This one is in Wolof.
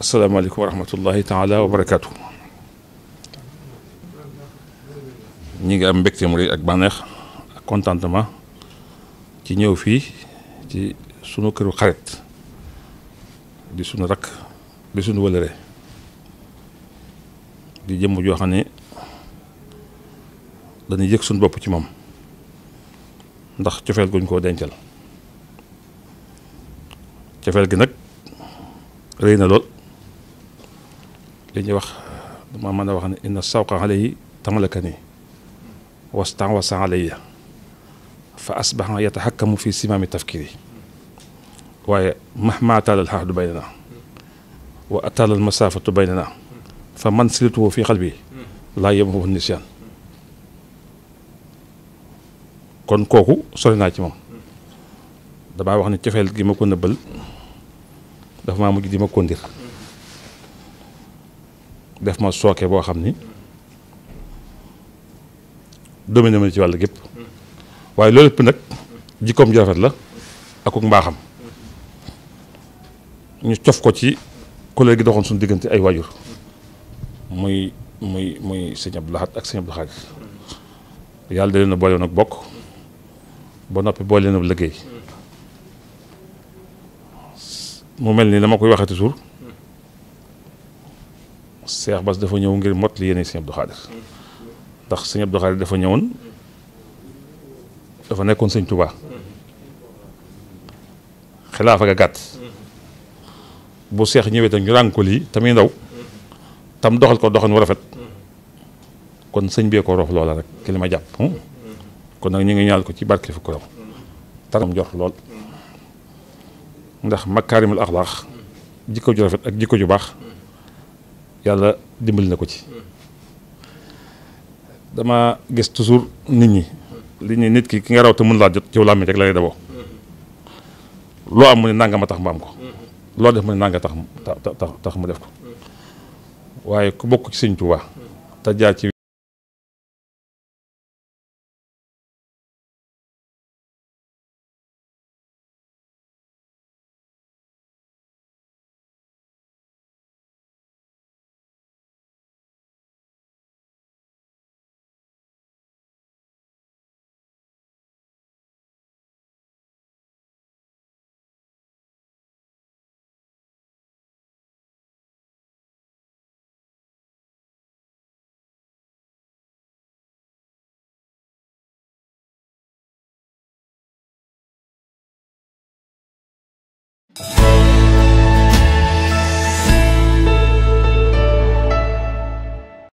asalaamaaleykum wa rahmatullahi taala wa barakaatu. ñi ngi am mbégte mu rëy ak bànneex ak contentement ci ñëw fii ci sunu këru xarit di sunu rakk di sunu wëlëre di jëmm joo xam ne dañuy yëg sunu bopp ci moom ndax cofeel guñ koo dencal cofeel gi nag rëy na lool dañuy wax dama mën a wax ne inna sawqa alayhi tamlakani wastan wasan alayya fa asbaxa yataxakkamu fi simaami tafkiri waaye mahma atalal xaxdu baynana wa atalal masaafatu baynana fa man silituhu fi xalbi laa yemahu nisyan kon kooku sori naa ci moom wax ne cofeel gi ma ko nëbbal dafa maa mujj di ma ndir def ma sooke boo xam ni domine ma ci wàll gépp waaye loolu lépp nag jikkoom ju la ak ko mbaaxam ñu cof ko ci collègue gi doxoon suñu diggante ay waajur muy muy muy sëñ Abdou Lahad ak sëñ Abdou Khadre yàlla da leen a boole woon bokk ba noppi boole leen ab liggéey mu mel ni dama koy waxee toujours Cheikh Bass dafa ñëw ngir mot li yéene sëñ Abdou Khadir ndax sëñ Abdou Khadir dafa ñëwoon dafa nekkoon sëñ Touba xilaafa ga gàtt bu seex ñëwee tam ñu ràng ko lii tamit ndaw tam doxal ko doxan wu rafet kon sëñ bee ko roof loola rek ki jàpp hmm? kon nag ñu ngi ñaal ko ci barke fu ko raw taram jox lool ndax makaarimul axlaax jikko ju rafet ak jikko ju baax yàlla dimbali na ko ci dama gis toujours nit ñi li ñuy nit ki ki nga raw te mun laa jot ci mi rek la lay daboo loo am mu ne nanga ma tax mbaam ko loo def mu ne nanga tax tax tax mu def ko waaye ku bokk ci Sëñ Tuubaa te ci